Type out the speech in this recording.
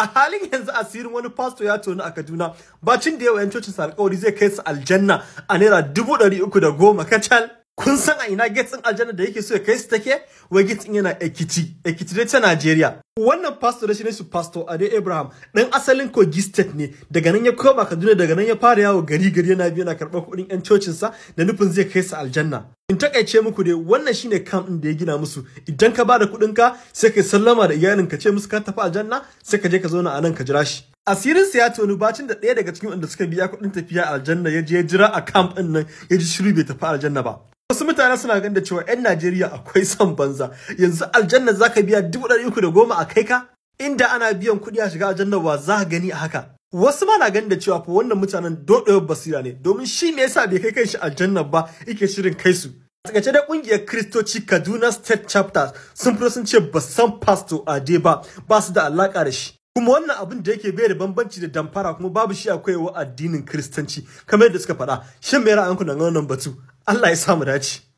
a halin yanzu asirin wani pastor ya tonu a Kaduna bacin da yawa yan cocin sa alƙawari zai kai su aljanna a naira dubu ɗari uku da goma kacal kun san a ina gate din aljanna da yake so ya kai su take wai gate din yana Ekiti Ekiti dai ta Najeriya wannan pastor da shi ne su pastor Ade Abraham dan asalin Kogi state ne daga nan ya koma Kaduna daga nan ya fara yawo gari gari yana biyo na karɓar kuɗin yan cocin sa da nufin zai kai su aljanna in takaice muku dai wannan shine camp din da ya gina musu idan ka bada kuɗin ka sai kai sallama da iyalin ka ce musu ka tafi aljanna sai ka je ka zauna a nan ka jira shi asirin sa ya tonu bacin da ɗaya daga cikin wanda suka biya kuɗin tafiya aljanna ya je ya jira a camp din nan ya ji shiru bai tafi aljanna ba Wasu mutane suna ganin da cewa 'yan Najeriya akwai son banza. Yanzu aljanna za ka biya dubu ɗari uku da goma a kai ka? Inda ana biyan kuɗi a shiga aljanna ba za ka gani a haka. Wasu ma na ganin da cewa fa wannan mutanen doɗewar basira ne domin shi me yasa bai kai kanshi aljanna ba yake shirin kai su. A Tsakace da ƙungiyar Kiristoci Kaduna State Chapter sun fito sun ce ba san Pastor Ade ba ba su da alaka da shi. kuma wannan abin da yake bai da bambanci da damfara kuma babu shi akwai wa addinin kiristanci kamar yadda suka faɗa shin me ra'ayinku dangane wannan batu Allah ya samu dace